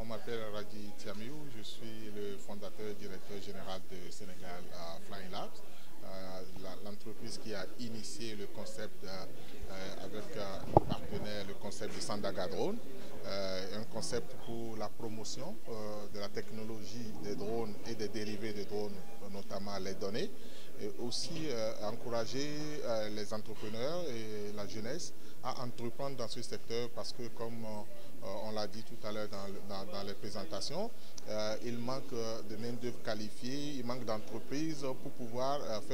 on m'appelle Radji Tiamiou, je suis le fondateur et directeur général de Sénégal à Flying Labs. l'entreprise qui a initié le concept euh, euh, avec euh, un partenaire, le concept du Sandaga Drone, un concept pour la promotion de la technologie des drones et des dérivés des drones, notamment les données, et aussi encourager les entrepreneurs et la jeunesse à entreprendre dans ce secteur parce que comme on l'a dit tout à l'heure dans, dans, dans, les présentations, il manque de main-d'œuvre qualifiée, il manque d'entreprises pour pouvoir faire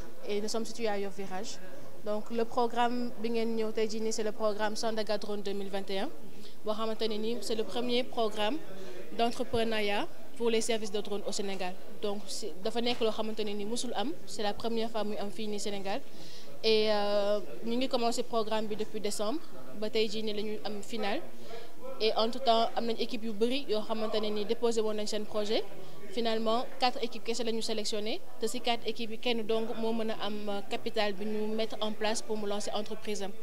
et nous sommes situés à Yoff Virage donc le programme bi ngeen ñëw tey jii nii c'est le programme Sandaga Drone 2021 boo xamante ne nii c'est le premier programme d'entrepreneuriat pour les services de drone au Sénégal donc si dafa nekk loo xamante ne nii mosul am c'est la première fois muy am fii nii Sénégal et euh, ñu ngi commencé programme bi depuis décembre ba tey jii nii la ñu am final et en am nañ équipe yu bëri yoo xamante ne ni déposé woon nañ seen projet finalement quatre équipes kese lañu ñu te si quatre équipes yi kenn dong moo mën a am capital bi ñu mettre en place pour mu lancer entreprise am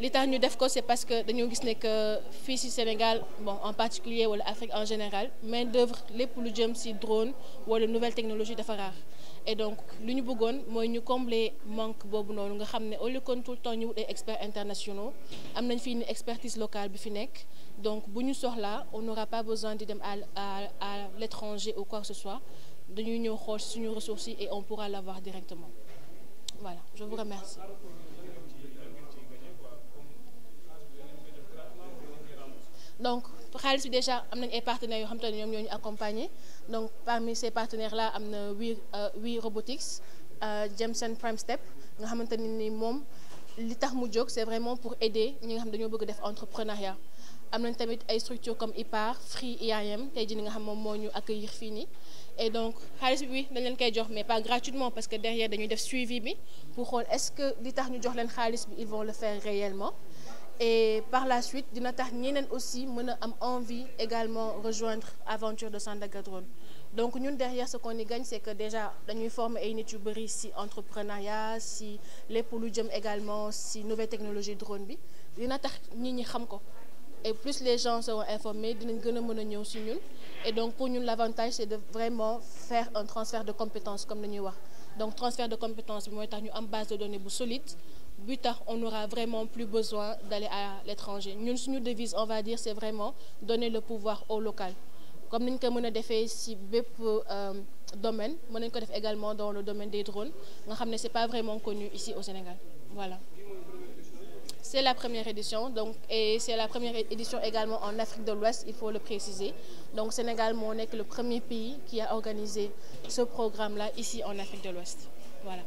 li tax ñu def ko c'est parce que dañoo gis ne que fii ci Sénégal bon en particulier wala Afrique en général main d'œuvre lépp lu jëm ci drone wala nouvelle technologie dafa raar et donc lu ñu bëggoon mooy ñu combler manque boobu noonu nga xam ne au lieu kon tout le temps ñu wut ay experts internationaux am nañ fii une expertise locale bi fi nekk donc bu ñu soxla on n'aura pas besoin di dem à à à l'étranger ou quoi que ce soit dañuy ñëw xool suñu ressources yi et on pourra l'avoir donc xaalis bi déjà am nañ ay partenaires yoo xam te ne ñoom ñoo ñu accompagner donc parmi ces partenaires là am na Wii euh, Wii Robotics euh, Jameson Prime Step nga xamante ne ni moom li tax mu jóg c'est vraiment pour aider ñi nga xam dañoo bëgg def entrepreneuriat am nañ tamit ay structures comme IPAR Free IAM tey jii nga xam moom moo ñu accueillir fii nii et donc xaalis bi dañ leen koy jox mais pas gratuitement parce que derrière dañuy def suivi bi pour xool est-ce que li tax ñu jox leen xaalis bi ils vont le faire réellement. et par la suite dina tax ñeneen aussi mën a am envie également rejoindre aventure de Sandaga Drone donc ñun derrière ce qu'on y gagne c'est que déjà dañuy former ay nit yu bëri ci entrepreneuriat ci lépp lu jëm également ci nouvelle technologie drone bi dina tax nit ñi xam ko et plus les gens seront informés dinañ gën a mën a ñëw ci ñun et donc pour ñun l'avantage c'est de vraiment faire un transfert de compétences comme dañuy wax donc transfert de compétences bi mooy tax ñu am base de données bu solide bu tax on n'aura vraiment plus besoin d'aller à l'étranger ñun suñu devise on va dire c'est vraiment donner le pouvoir au local comme niñ ko mën a defee ci bépp euh, domaine mën nañ ko def également dans le domaine des drones nga xam ne c'est pas vraiment connu ici au Sénégal voilà C'est la première édition, donc, et c'est la première édition également en Afrique de l'Ouest, il faut le préciser. Donc, Sénégal, mon est le premier pays qui a organisé ce programme-là ici en Afrique de l'Ouest. Voilà.